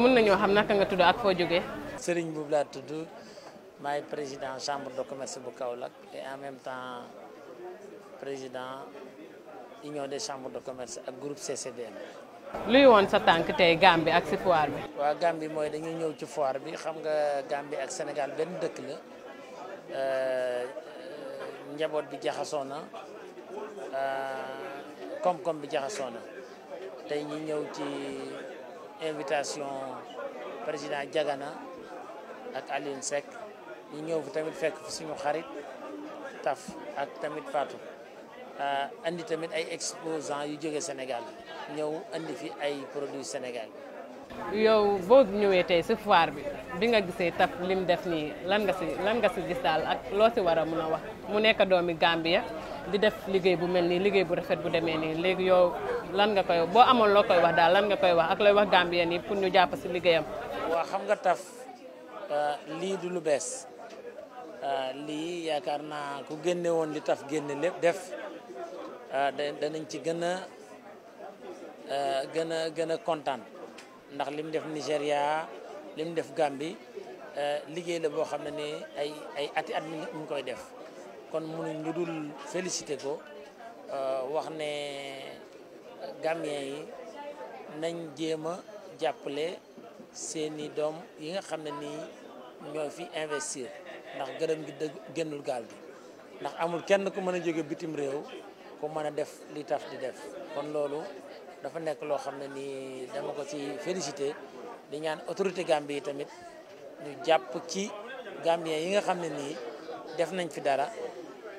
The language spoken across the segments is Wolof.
mën nañoo xam naka nga tudd ak foo jógee. Serigne Mboup laa tudd maay président chambre de commerce bu Kaolack et en même temps président union des chambres de commerce ak groupe CCBM. luy woon sa tànk tey bi ak si foire bi. waaw bi mooy dañuy ñëw ci foire bi xam nga bi ak Sénégal benn dëkk la euh, njaboot bi jaxasoo na euh, koom bi jaxasoo na tey ñi ñëw ci. invitation président Diagana ak Alioune Seck ñu ñëw fi tamit fekk fi suñu xarit taf ak tamit Fatou ah, andi tamit ay exposants yu jóge Sénégal ñëw indi fi ay produits Sénégal yow boo ñëwee tey si foire bi bi nga gisee taf lim def nii lan nga si lan nga si gis daal ak loo si war a mun a wax mu nekk doomi Gambia di def liggéey bu mel nii liggéey bu rafet bu demee nii léegi yow lan nga koy boo amoon loo koy wax daal lan nga koy wax ak lay wax Gambien yi pour ñu jàpp si liggéeyam. waaw xam nga taf euh, lii du lu bees euh, lii yaakaar naa ku génne woon li taf génne lépp def euh, danañ ci gën a gën a gën a kontaan ndax lim def Nigeria, lim def Gambie liggéey la boo xam ne nii ay ay ati at mi koy def. kon munuñ lu dul félicité ko euh, wax ne euh, Gambien yi nañ jéem a jàppale seeni doom yi nga xam ne nii ñoo fi investir ndax gërëm gi dëgg génnul gaal bi ndax amul kenn ku mën a jóge bitim réew ku mën a def li taf di def kon loolu dafa nekk loo xam ne nii dama ko ci félicité di ñaan autorité Gambie yi tamit ñu jàpp ci Gambien yi nga xam ne nii def nañ fi dara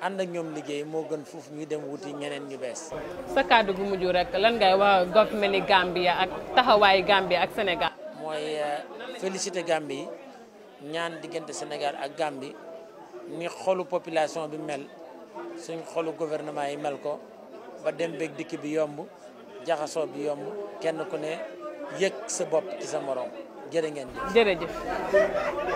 ànd ak ñoom liggéey moo gën foofu ñu dem wuti ñeneen ñu bees. sa kàddu gu mujj rek lan ngay wax government ni Gambia ak taxawaayu Gambia ak Sénégal. mooy eh, félicité Gambie ñaan diggante Sénégal ak Gambie ni xolu population bi mel suñ xolu gouvernement yi mel ko ba dem beeg dikk bi yomb jaxasoo bi yomb kenn ku ne yëg sa bopp ci sa morom jërë ngeen jëf. jërëjëf.